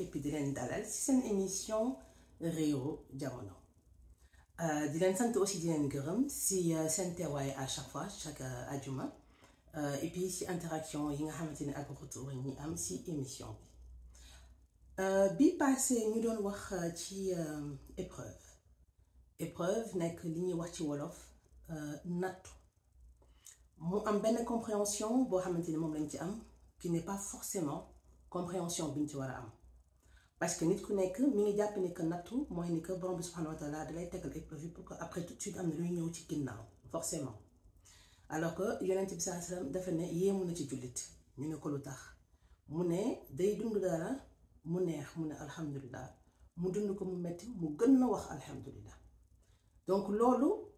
et puis di dalal ci une émission Rio jamono euh, di leen aussi di Gurum. si euh, ci seen à chaque fois chaque ajuma euh, et puis ci interaction yi nga xamante ni ak retour ñi am ci émission bi bi passé ñu doon wax ci épreuve épreuve nekk li ñuy wax ci wolof nattu mu en belle compréhension boo xamante ni moom lañ ci qui n'est pas forcément compréhension Parce que ci parce que nit ku nekk mi ngi japp ni que natou pas ni que borom subhanahu wa taala que après tout de am na luy forcément alors que sallallahu dafa ne yému na ci que ñu ne ko lutax mu ne day dund dara mu neex mu ne mu dund ko mu metti mu gën donc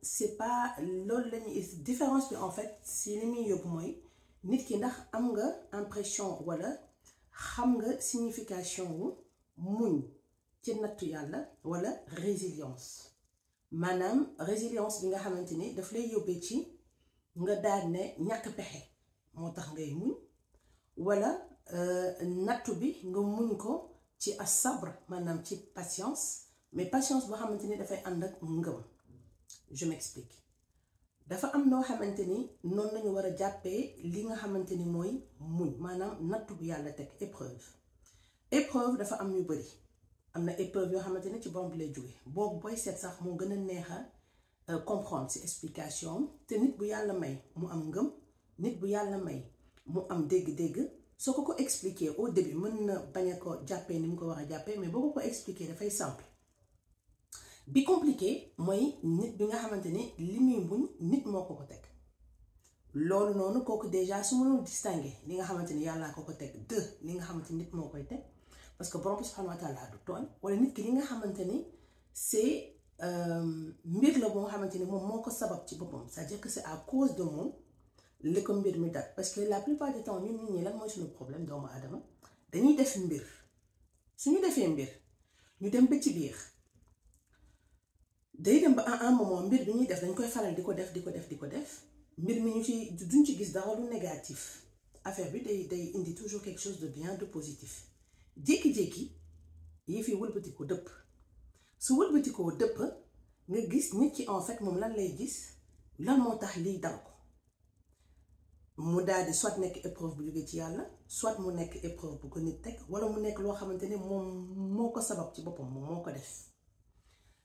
c'est pas la différence en fait si nit ki ndax impression wala xam nga signification wu muñ ci nattu yàlla wala résilience la résilience bi nga xamante ni daf lay ci nga ne ñàkk pexe moo ngay muñ wala euh, patience mais patience boo je m'explique dafa am no xamanteni non lañu nous avons li nga xamanteni ni muñ manam natou épreuve épreuve dafa am yu épreuve ci lay bok boy set sax mo gëna nexa euh, comprendre ci explication te bu yalla may mu am ngëm nit bu may mu am dégg-dégg ko expliquer au début mën na bañ ko ni mais expliquer simple bi compliqué moy nit bi nga xamante ne muñ nit moko ko déjà distinguer li nga nous yalla de nga parce que borom subhanahu wa taala du wala nit ki c'est euh, mbir à dire que c'est à cause de nous que ko mi parce que la plupart du temps nous, nit ñi lan problème nous Adam. dañuy def mbir suñu mbir ñu dem day dem ba à un moment mbir bi ñuy def dañ koy faral di ko def di ko def di ko def mbir mi ñu ci duñ ci gis dara lu négatif affaire bi day day indi toujours quelque chose de bien de positif jékki-jékki yi fi wëlbatikoo dëpp su wëlbatikoo dëpp nga gis nit ki en fait moom lan lay gis lan moo tax liy dal ko mu daal di soit nekk épreuve bu jógee ci yàlla soit mu nekk épreuve bu ko nit teg wala mu nekk loo xamante ne moom moo ko sabab ci boppam moom moo ko def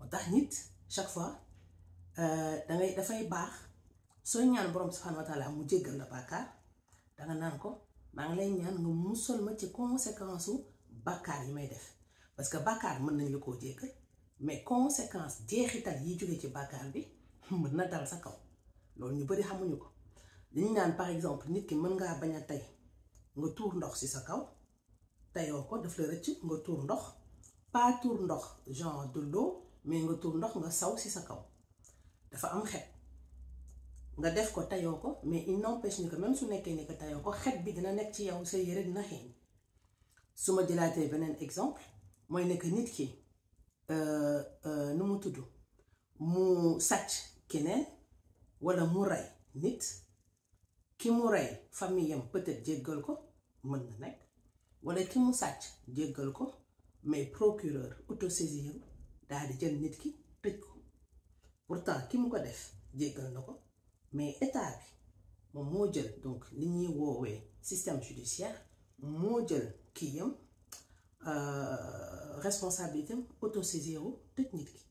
moo tax nit chaque fois euh, da fay bax so ñaan borom subhanahu wa taala mu jéggal la da nga naan ko ma ngi lay ñaan nga musal ma ci conséquence su yi may def parce que bàkkaar mën nañ la ko jéggal mais conséquence jeexital yi jóge ci bàkkaar bi mën na dal sa kaw loolu ñu bari xamuñu ko dañu naan par exemple nit ki mën nga baña tay nga tour ndox ci sa kaw teyoo ko daf la rëcc nga tour ndox pas tour ndox genre de l'eau mais nga tuur ndox nga saw si sa kaw dafa am xet nga def ko tayoo ko mais il n'empêche ni que même su nekkee ni que tayoo ko xet bi dina nekk ci yow sa yére dina xeeñ su ma jëlaatee beneen exemple mooy nekk nit ki euh, euh, nu mu tudd mu sàcc keneen walla mu rey nit ki mu rey famille am peut-être jéggal ko mën na nekk walla ki mu sàcc jéggal ko mais procureur autosaisir daal di jël nit ki tëj ko pourtant ki mu ko def jéggal na ko mais état bi moom moo jël donc li ñuy woowee système judiciaire moo jël kii yam euh, responsabilité am autosaisir tëj nit ki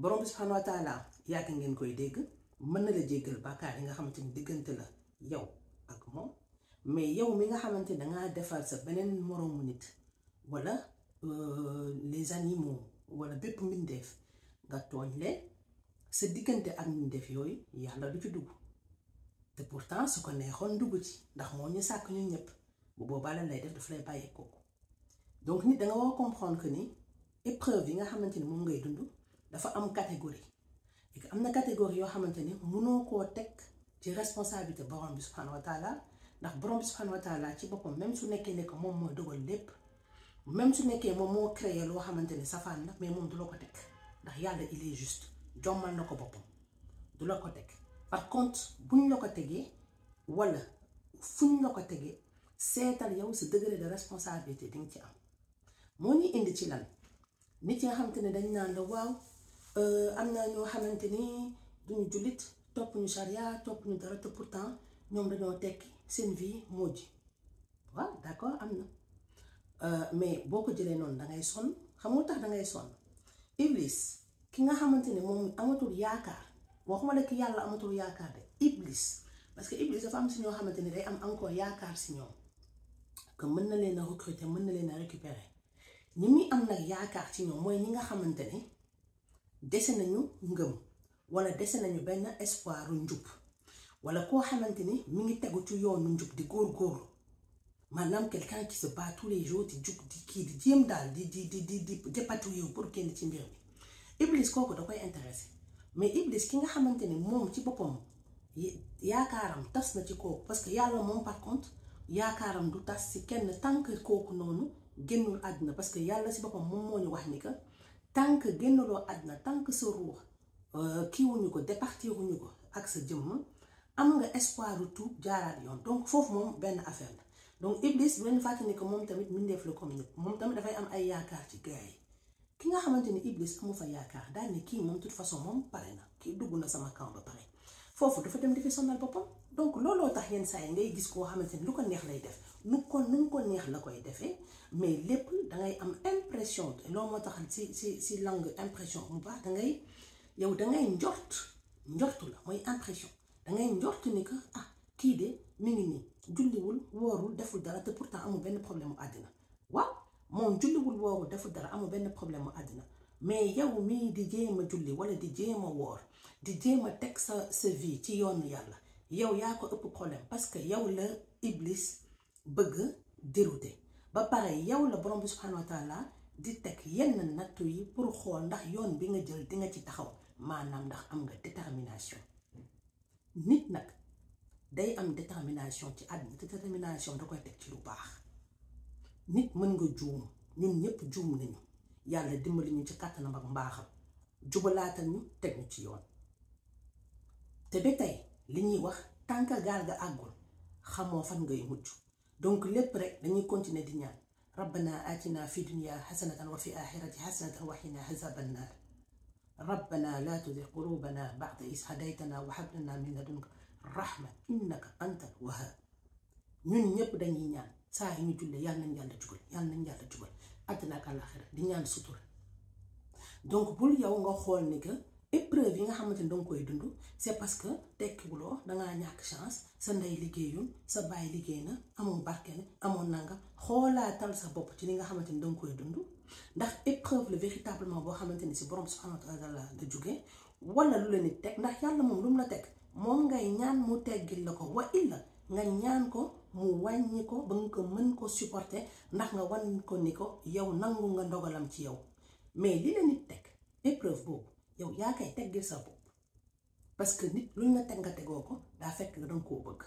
borom bi subhanahu wa yàgg ngeen koy dégg mën na la jéggal bàkkaar yi nga xamante ni diggante la yow ak moom mais yow mi nga xamante ni dangaa defal sa beneen moroomu nit wala euh, les animaux wala bépp mbindeef nga tooñ le sa diggante ak mbindeef yooyu yàlla du ci dugg te pourtant su ko neexoon dugg ci ndax moo ñu sàkk ñun ñëpp bu boobaa lan lay def daf lay bàyyee kooku donc nit danga nga war a comprendre que ni épreuve yi nga xamante ni moom ngay dund dafa am catégorie et am na catégorie yoo xamante ni mënoo koo teg ci responsabilité borom bi subhanahu wa ndax borom bi subhanahu wa taala ci boppam même su nekkee ne que moom mooy dogal lépp. même si nekkee moom moo créé loo xamante mais mom du la ko ndax yalla il est juste jommal nako bopam boppam du ko par contre buñ lako ko wala fuñ lako ko sétal yow ce degré de responsabilité ding ci am moo ñuy indi ci lan ni ci nga dañ nan la waaw euh amna ñoo xamante duñu jullit ñu charia top ñu dara te pourtant ñom dañoo tek seen vie moji voilà waaw d'accord amna Euh, mais boo ko jëlee noonu da ngay sonn xam nga tax da ngay sonn iblis ki nga xamante ne moom amatul yaakaar waxuma la yàlla amatul yaakaar de iblis parce que iblis dafa am si ñoo xamante ne day am encore yaakaar si ñoom que mën na leen a recruter mën na leen a récupérer ñi am nag yaakaar ci ñoom mooy ñi nga xamante ne dese nañu ngëm wala dese nañu benn espoiru njub wala koo xamante ni mi ngi tegu ci yoonu njub di góor góorlu madame quelqu'un qui se bat tous les jours di jug di kii di jéem daal di di di di di dépatouiller pour génn ci mbir mi iblis kooku da koy intéressé mais iblis ki nga xamante mom ci bopom yaakaaram tass na ci kooku parce que Yalla mom par contre yaakaaram du tass si kenn tant que kooku noonu gennul adna parce que Yalla ci bopom mom moo wax ni que tant que gennulo adna tant que euh ki wuñu ko départiruñu ko ak sa jëm am nga espoir tout tuub yon donc foofu mom ben affaire donc Iblis bu leen fàtte ni que moom tamit mbindeef le comme ñëpp moom tamit fay am ay yaakaar ci gars ki nga xamanteni Iblis amu fa yaakaar daal ne kii moom toute façon mom pare na kii dugg sama camp ba pare foofu dafa dem di fi sonal bopam donc lolo tax yeen say ngay gis ko xamanteni lu ko neex lay def nu ko nu ko neex la koy defé mais lepp da ngay am impression loo moo tax ci ci ci langue impression bu baax da ngay yow da ngay njort njortu la moy impression da ngay njort ni que ah kii de mi ngi nii. julliwul woorul deful dara te pourtant amul benn problème mu àddina waaw moom julliwul woorul deful dara amul benn problème mu àddina mais yow mii di jéem a julli wala di jéem a woor di jéem a teg sa sa vie ci yoonu yàlla yow yaa ko ëpp problème parce que yow la iblis bëgg dérouté ba pare yow la borom bi subhanahu wa di teg yenn nattu yi pour xool ndax yoon bi nga jël di nga ci taxaw maanaam ndax am nga détermination nit nag. day am détermination ci àdduna détermination da koy teg ci lu baax nit mën nga juum ñun ñëpp juum nañu yàlla dimbali ñu ci kàttanam ak mbaaxam jubalaatal ñu teg ñu ci yoon te ba tey li ñuy wax tànk gaal ga àggul xamoo fan ngay mujj donc lépp rek dañuy continuer di ñaan rabbana atina fi dunya xasanatan wa fi axirati xasanatan wa xina xasaban naar rabbana la tudir qulubana baxda is hadaytana wa xab lana min rahma innaka antal wahhab ñun ñëpp dañuy ñaan saa yi ñu julle yàlla nañ yàlla jugal yàlla nañ yàlla jugal àddina ak àllaaxira di ñaan sutura donc bul yow nga xool ni que épreuve yi nga xamante ni danga koy dund c'est parce que tekkiwuloo dangaa ñàkk chance sa ndey liggéeyul sa baay liggéey na amoon barke na amoon nanga xoolaatal sa bopp ci li nga xamante ni danga koy dund ndax épreuve la véritablement boo xamante ni si borom subhanahu wa taala nga jóge wala lu la teg ndax yàlla moom lu mu la teg moom ngay ñaan mu teggil la ko wa illa nga ñaan ko mu wàññi ko ba nga ko mën ko supporter ndax nga wan ko ni ko yow nangu nga ndogalam ci yow mais li teg épreuve boobu yow yaa koy sa bopp parce que nit luñ la teg nga tegoo ko daa fekk nga bëgg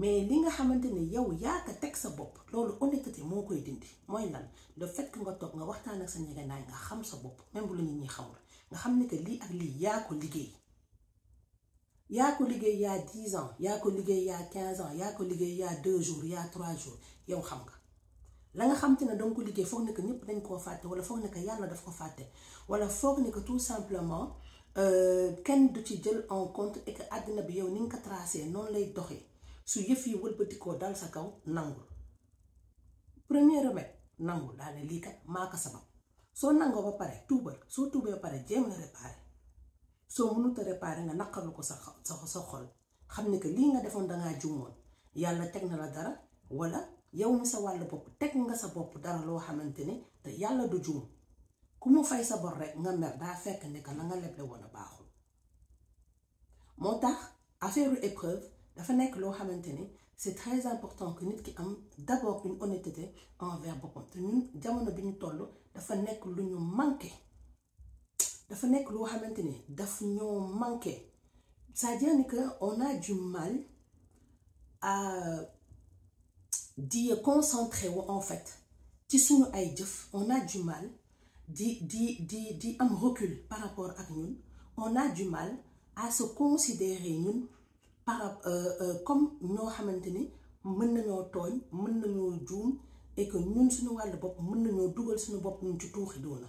mais li nga xamante ni yow yaa ko teg sa bopp loolu honnêteté moo koy dindi mooy lan le fekk que nga toog nga waxtaan ak sa ñegenaay nga xam sa bopp même bu la nit ñi xamul nga xam ne que lii ak lii yaa ko liggéey. colligé il y a dix ans 2 ko y y ans ya il y a deux jours y a trois jours yow xam nga la nga xam tane ko ne que ñep dañ ko wala ne que yalla daf ko Ou wala ne que tout simplement euh, ken du ci en compte et que aduna bi yow ni nga tracé non lay su yi dal sa kaw nangul premier remède nangul li kat ba pare so pare soo mënut a réparer nga naqarlu ko sa sa sa xol xam ne que lii nga defoon dangaa juumoon yàlla teg na la dara wala yow mi sa wàll bopp teg nga sa bopp dara loo xamante ne te yàlla du juum ku mu fay sa bor rek nga mer daa fekk ne que la nga leble woon a baaxul moo tax affaire épreuve dafa nekk loo xamante ne c'est très important que nit ki am d'abord une honnêteté envers boppam te ñun jamono bi ñu toll dafa nekk lu ñu manqué dafa nek lo xamanteni daf ñoo manqué ça à que on a du mal à di concentrer wu en fait ci suñu ay jëf on a du mal di di di di am recul par rapport ak ñun on a du mal à se considérer ñun par euh, euh, comme ñoo xamanteni ni mën nañoo tooñ mën nañoo et que ñun suñu wàllu bop mën nañu duggal suñu bop ñu ci tuuxi doona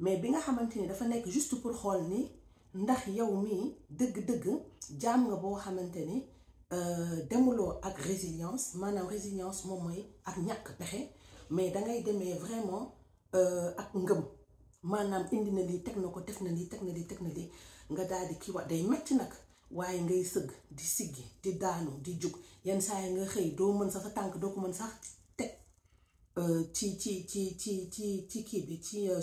mais bi nga xamanteni dafa juste pour xol ni ndax yow mi que deug nga bo xamanteni euh, ak résilience manam résilience moom ak ñak mais ngay démé vraiment euh, ak ngëm manam indi na li tek que def na li tek na na nga di siggi di daanu di nga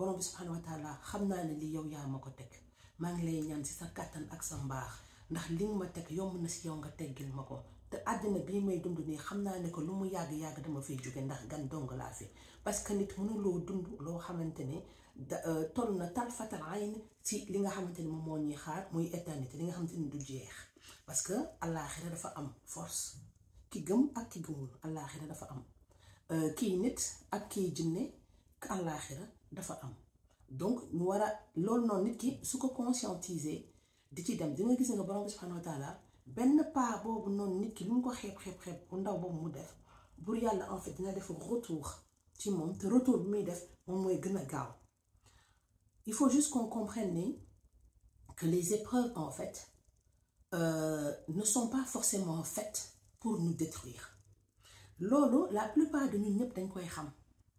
borom bi subhanahu wa taala xamna naa ne lii yow yaa ma ko teg maa ngi lay ñaan si sa kàttan ak sa mbaax ndax li nga ma teg yomb na si yow nga teggil ma ko te àddina bii may dund nii xam naa ne ko lu mu yàgg-yàgg dama fiy jóge ndax gan dong laa fi parce que nit mënuloo dund loo xamante ne da toll na tal fatal ayn si li nga xamante ne moom moo ñuy xaar muy éternité li nga xamante ne du jeex parce que àllaaxira dafa am force ki gëm ak ki gëmul àllaaxira dafa am kii nit ak kii jinne àllaaxira dafa am donc nous voilà, a non noonu nit ki suko conscientiser di ci dem di nga gis nga borom bi subhanahu wa taala ben pas bobu non nit ki lu ko xeeb xeeb xeeb bu ndaw boobu mu def bur yalla en fait dina def retour ci montes, te retour mi def mom moy gëna gaaw il faut juste qu'on comprenne que les épreuves en fait euh, ne sont pas forcément faites pour nous détruire Lolo, la plupart de nous ñep dañ koy xam.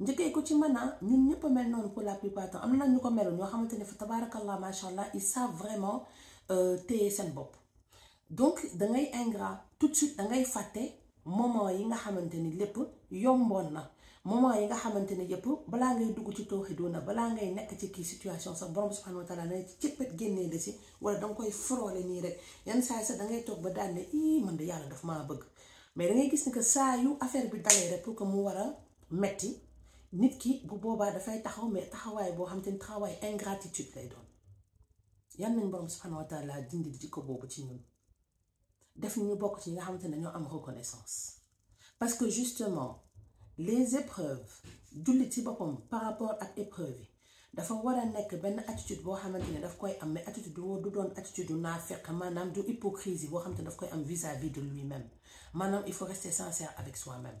njëkkee ko ci man naa ñun ñëpp mel noonu pour la plupart temps am na nag ñu ko meloon ñoo xamante ne fa tabaarakallah macha allah ils savent vraiment euh, téye seen bopp donc dangay ngay ingrat tout suite da ngay fàtte moment yi nga xamante ni lépp yomboon na moment yi nga xamante ne yëpp balaa ngay dugg ci tooxi doona balaa ngay nekk ci kii situation sax borom subhanahu wa taala dana ci cëppet génnee la si wala danga koy frôlé nii rek yan saa yi sax da ngay toog ba daan ne ii yàlla daf maa bëgg mais da gis ni que saa yu affaire bi dalee pour que mu war a metti nit ki bu boobaa dafay taxaw mais taxawaay boo xam te ni taxawaay ingratitude lay doon yan nañ borom subhanahu wa taala dindi jikko boobu ci ñun def ñu bokk ci nga xam te ne ñoo am reconnaissance parce que justement les épreuves jullit ci boppam par rapport ak épreuve yi dafa war a nekk benn attitude boo xamante ne daf koy am mais attitude boobu du doon attitude du naafeq maanaam du hypocrisie boo xam te daf koy am vis-à-vis de lui-même maanaam il faut rester sincère avec soi-même.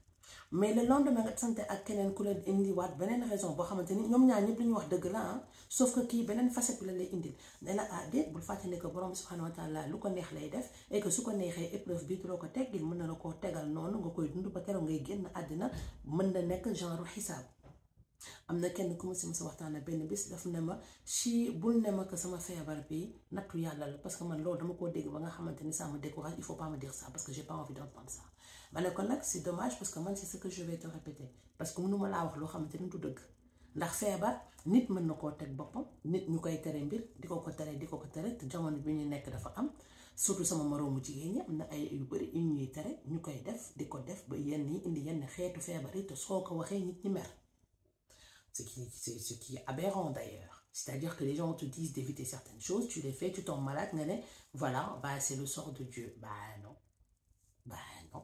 mais le lendemain nga sante ak keneen ku indi indiwaat beneen raison boo xamante ni ñoom ñaar ñëpp lu ñu wax dëgg la ah. sauf que kii beneen facette bi la lay indil ne la ah déet bul ne que borom subhanahu wa taala lu ko neex lay def et que su ko neexee épreuve bi la ko teggil mën na la koo tegal noonu nga koy dund ba keroog ngay génn àddina mën na nekk genre xisaab. am na kenn ku ma si sa waxtaan benn bis daf ne ma si bul ne ma que sama feebar bi nattu yàlla la parce que man loolu dama koo dégg ba nga xamante ni ça décourage il faut pas me dire ça parce que j'ai pas envie d'entendre ça ma ne ko c'est dommage parce que man c'est ce que je vais te répéter parce que mënuma laa wax lo xamante ni du dëgg ndax feebar nit mën nako tek bopam nit ñu téré mbir diko ko téré diko ko téré tere te jamono bi ñu nekk dafa am surtout sama moroomu jigéen ñi am na ay yu bari yu ñuy téré ñu def diko def ba yenn yi indi yenn xeetu feebar yi te soo ko nit ñi mer ce qui est, ce qui est aberrant d'ailleurs c'est-à-dire que les gens te disent d'éviter certaines choses tu les fais tu tombes malade nga voilà bah c'est le sort de Dieu bah non bah non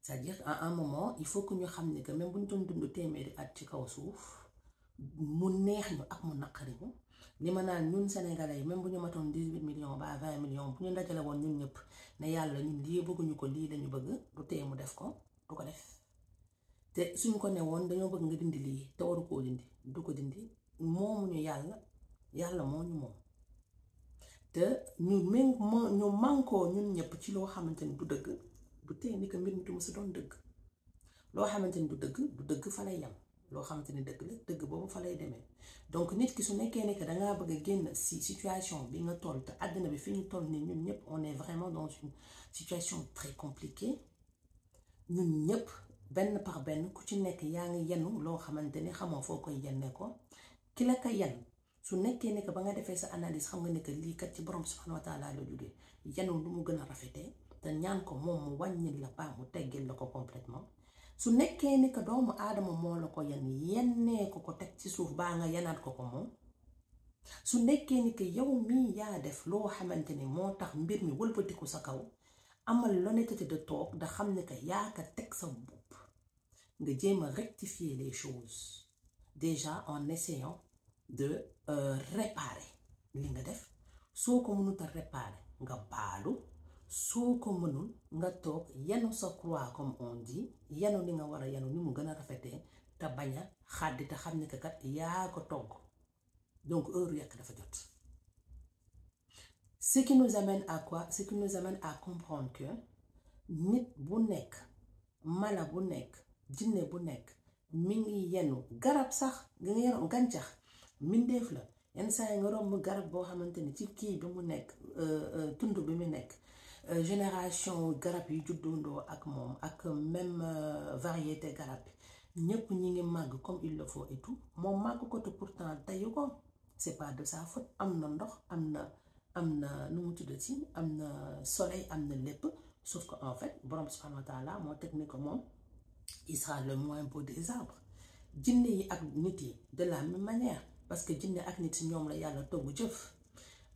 c'est-à-dire à un moment il faut que ñu xam ne que même bu ñu doon dund téeméeri at ci kaw suuf mu neex ñu ak mu naqari ñu li ma naan ñun sénégalais yi même bu ñu matoon dix-huit millions ba bu ñu dajale woon ñun ñëpp ne yàlla ñun lii ko lii lañu bëgg du tee mu def ko du ko def te ko ne woon dañoo bëgg dindi lii te waru koo dindi du ko dindi yàlla yàlla moo ñu ñu mën ñu ñun ñëpp ci loo xamante ni du dëgg. bu tey ni que mbir mi du ma si doon dëgg loo xamante du deug du deug fa lay yam lo xamanteni deug la deug boobu fa lay demee donc nit ki su nekké ne da nga bëgg a génn si situation bi nga toll te aduna bi fi ñu toll nii ñun ñëpp on est vraiment dans une situation très compliquée ñun ñëpp benn par benn ku ci nekk yaa ngi yenu loo xamante xamoo foo koy yenne ko ki la ko yen su nekkee ne que ba nga defee sa analyse xam nga ne que lii kat ci borom subhanahu wa taala la jógee yenu lu mu gën a rafetee te ñaan ko moom mu wàññil la paa mu teggil la ko complètement su nekkee ni que doomu aadama moo la ko yan yennee ko ko teg ci suuf baa nga yanaat ko ko moom su nekkee ni que yow mii yaa def loo xamante ni moo tax mbir mi wëlbatiku sa kaw amal l'honnêteté de toog da xam ne que yaa teg sa bopp nga jéem a rectifier les choses déjà en essayant de euh, réparer li nga def soo ko mënut a réparer nga baalu soo ko mënul nga toog yenu sa croix comme on dit yenu li nga war a yenu ni mu gën a rafetee te bañ a te xam ne que kat yaa ko togg donc heure yàq dafa jot ce qui nous amène à quoi ce qui nous amène à comprendre que nit bu nekk mala bu nekk jinne bu nekk mi ngi yenu garab sax nga yenu gàncax mbindeef la yenn saa yi nga romb garab boo xamante ni ci kii bi mu nekk euh, euh, tund bi mu nekk Euh, génération garab yi juddoondoo ak mom ak même euh, variété garab bi ñi ngi mag comme il le faut et tout Mon mag ko te pourtant tayu c'est pas de sa faute amna ndox amna amna nu mu soleil amna na sauf que en fait borom subhanahu wa taala mo technique mom il sera le moins beau des arbres jinne yi ak nit yi de la même manière parce que jinne ak nit ñom la yalla togg jëf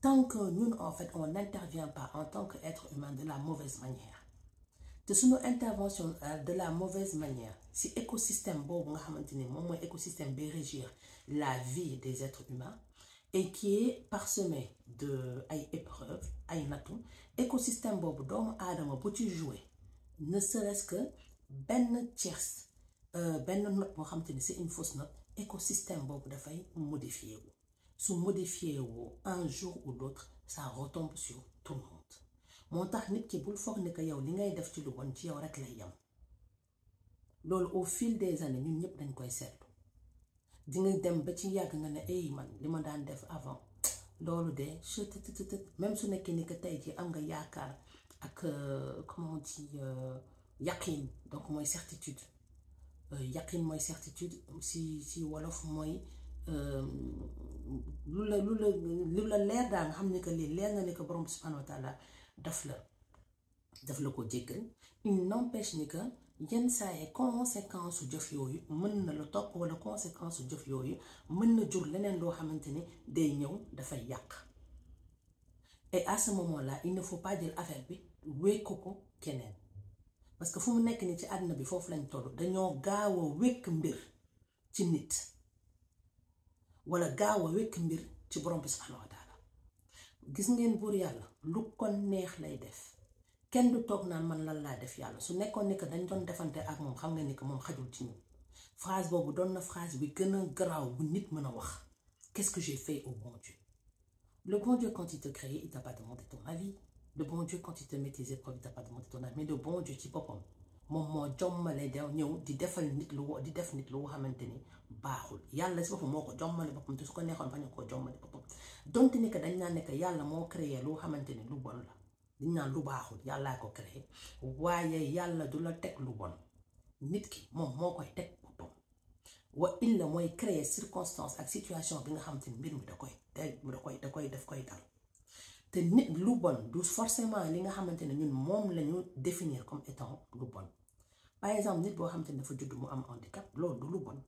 tant que nous, en fait, on n'intervient pas en tant qu'être humain de la mauvaise manière. sous nos interventions euh, de la mauvaise manière si l'écosystème bob l'écosystème xamante la vie des êtres humains et qui est parsemé de l'écosystème, épreuves ay nattu écosystème bob jouer ne serait-ce que Ben tierce Ben note c'est une fausse note écosystème bob modifié sont ma ou un jour ou l'autre ça retombe sur tout le monde Mon tax nit ki bul foog ne que yow li ngay def ci lu bon ci yow rek lay yem au fil des années ñun n'y dañ koy seetlu di nga dem ba ci yàgg nga ne ay man li ma daan def avant loolu de même su nekkee ni que tey jii am nga yaakaar ak comment on dit yakin donc moi certitude yakin moi certitude si si wolof moi Euh, lu la lu la leer daal nga xam ne que lii leer na ne ko borom subhanahu wa daf la daf la ko jéggal il n'empêche ni que yenn saa conséquence su jëf yooyu mën na la topp wala conséquence su jëf yooyu mën na jur leneen loo xamante ni day ñëw dafay yàq et à ce moment là il ne faut pas jël affaire bi wékk ko keneen parce que fu mu nekk ni ci àdduna bi foofu lañ toll dañoo gaaw wékk mbir ci nit wala gaaw a wekk mbir ci borom bi subhanahu wa taala gis ngeen buur yàlla lu ko neex lay def kenn du toog naan man lan laa def yàlla su nekkoon ni que dañ doon defante ak moom xam nga ni que moom xajul ci ñun phrase boobu doon na phrase bi gën a garaaw bu nit mën a wax qu'est-ce que j'ai fait au bon Dieu le bon Dieu quand il te crée il t'a pas demandé ton avis le bon Dieu quand il te met tes épreuves il t'a pas demandé ton avis mais le bon Dieu ci boppam moom moo jommale da ñëw di defal nit lu di def nit lu xamante ni baaxul yàlla si moo ko ko neexoon bañ koo jommale boppam donte ni que dañ naan ne que moo créé lu xamante ni lu bon la dañ naan lu baaxul yàllaa ko créé waaye yàlla du la teg lu bon nit ki moom moo koy teg boppam mooy créer circonstance ak situation bi nga xamante ni mbir da koy da da koy daf koy dal te nit lu bon du forcément li nga xamante ñun mom lañu définir comme étant lu bon par exemple nit bo xamante ne dafa judd mu am handicap loolu du lu bon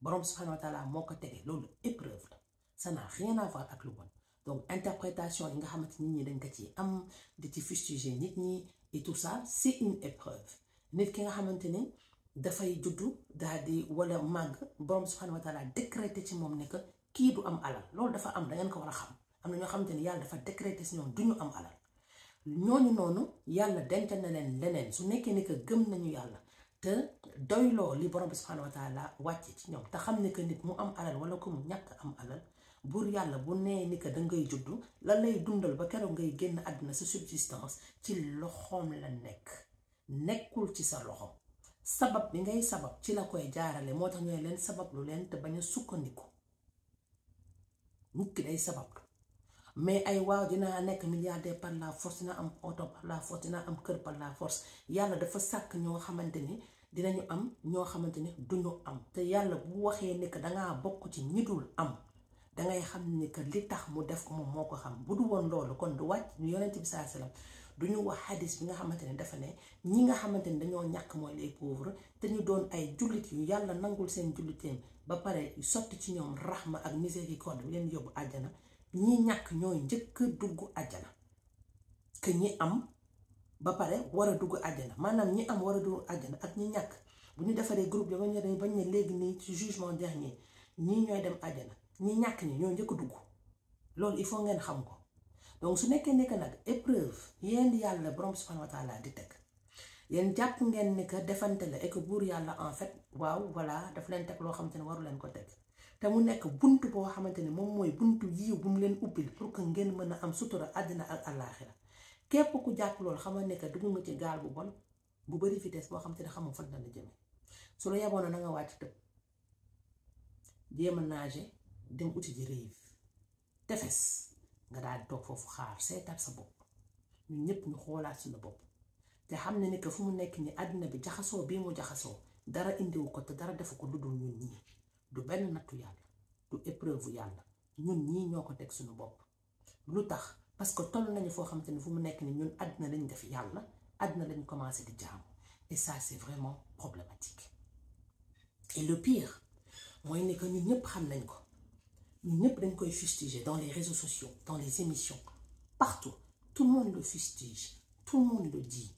borom subhanahu wa taala moko ko tege loolu épreuve la ça n'a rien à voir ak lu bon donc interprétation yi nga xamante nit ñi dañ ko ci am di ci fustiger nit ñi et tout ça c'est une épreuve nit ki nga xamante da fay judd daal di wala mag borom subhanahu wa taala décrété ci mom ne que kii du am alal loolu dafa am da ngeen ko war a xam. am na ñoo xamante ni yàlla dafa décréter si ñoom du ñu am alal ñooñu noonu yàlla dencal na leen leneen su nekkee ni que gëm nañu yàlla te doyloo li borom bi subhanahu wa wàcce ci ñoom te xam ne que nit mu am alal wala ko mu ñàkk am alal buur yàlla bu nee ni que da ngay juddu la lay dundal ba keroog ngay génn àdduna sa subsistance ci loxoom la nekk nekkul ci sa loxo sabab bi ngay sabab ci la koy jaarale moo tax ñu leen sabab lu leen te bañ sukkandiku nit ki day mais ay waaw dinaa nekk milliardaire par la force dina am oto par la force am kër par la force yàlla dafa sàkk ñoo xamante ni dinañu am ñoo xamante ni duñu am te yàlla bu waxee nekk dangaa bokk ci ñi dul am dangay xam ni que li tax mu def ko moo ko xam bu du woon loolu kon du wàcc yonent bi saa salaam du ñu wax hadis bi nga xamante ne dafa ne ñi nga xamante ne dañoo ñàkk mooy les pauvres te ñu doon ay jullit yu yàlla nangul seen julliteem ba pare sotti ci ñoom raxma ak miséricorde bi leen yóbbu àjjana ñi ñàkk ñooy njëkk a dugg àjjana que ñi am ba pare war a dugg àjjana maanaam ñi am war a dugg àjjana ak ñi ñàkk bu ñu defaree groupe bañ ne bañ ne léegi nii ci jugement dernier ñi ñooy dem ajana ñi ñàkk ñi ñoo njëkk dugg loolu il faut ngeen xam ko donc su nekkee nekk nag épreuve yéen yàlla borom subhanahu wa taala di teg yéen jàpp ngeen ni que defante la et que buur yàlla en fait waaw voilà daf leen teg loo xam te ne waru leen ko teg. te mu nekk bunt boo xamante ne moom mooy buntu yiw bu mu leen ubbil pour que ngeen mën a am sutura àddina ak àllaaxira képp ku jàpp loolu xamal ne que dugg nga ci gaal bu bon bu bari fitees boo xamante ne xamul fan la jëme su la yaboon na nga wàcc tëb jéem a naage dem uti ji réew tefes nga daal di foofu xaar seetaat sa bopp ñun ñëpp ñu xoolaat suñu bopp te xam ne ni que fu mu nekk ni àddina bi jaxasoo bii mu jaxasoo dara indiwu ko te dara defu ko lu dul ñun ñii du ben nattu yalla du épreuve yalla ñun ñi ñoko tek suñu bop lu tax parce que toll nañu fo xamante ni fu mu nek ni ñun adna lañ def yalla adna lañ commencé di jaamu et ça c'est vraiment problématique et le pire mooy ne que ñun ñëpp xam nañ ko ñun ñep dañ koy fustiger dans les réseaux sociaux dans les émissions partout tout le monde le fustige tout le monde le dit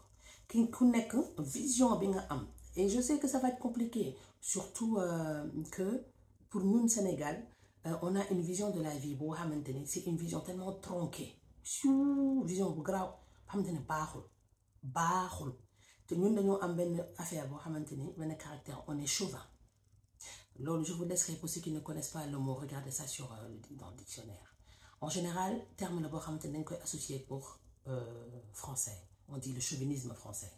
ki ku vision bi nga am et je sais que ça va être compliqué surtout euh, que pour nous, au Sénégal euh, on a une vision de la vie boo xamante c'est une vision tellement tronquée vision grave. garaaw xamante ni baaxul baaxul te Nous avons am ben affaire boo xamante un caractère on est chauvin je vous laisserai pour ceux qui ne connaissent pas le mot regardez ça sur euh, dans le dictionnaire en général terme le boo xamante associé koy pour euh, français on dit le chauvinisme français.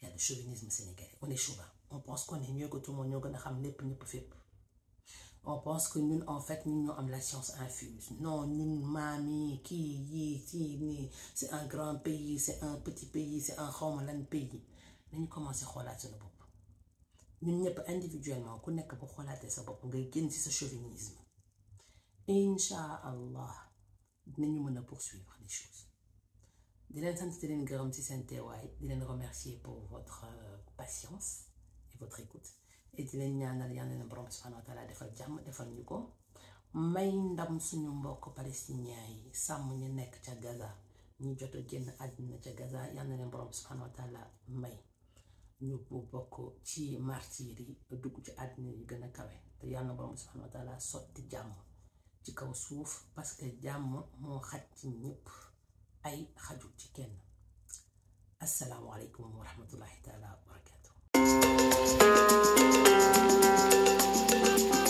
Il y a le chauvinisme sénégalais. On est chauvin. On pense qu'on est mieux que tout le monde. On pense que nous, en fait, nous avons la science infuse. Non, nous, mamie, qui, qui, c'est un grand pays, c'est un petit pays, c'est un grand pays. Nous commençons à regarder le propre. Nous, individuellement, nous ne pouvons pas ça. notre propre. Nous ce chauvinisme. Inch'Allah, nous, allons poursuivre les choses di leen sant di leen gërëm ci seen remercier pour votre eh, patience et votre écoute et di leen ñaanal yàlla na borom subhanahu wa taala defal jàmm defal ñu may ndam suñu mbokk palestinien yi sàmm ñu nekk ca Gaza ñu jot a génn àddina ca Gaza yàlla na borom subhanahu wa taala may ñu bu bokk ci martyr yi dugg ci àddina yi gëna kawé kawe te yàlla na borom subhanahu wa taala sotti jamm ci kaw suuf parce que jamm mo xaj ci ñëpp. أي خجوتي كان السلام عليكم ورحمة الله تعالى وبركاته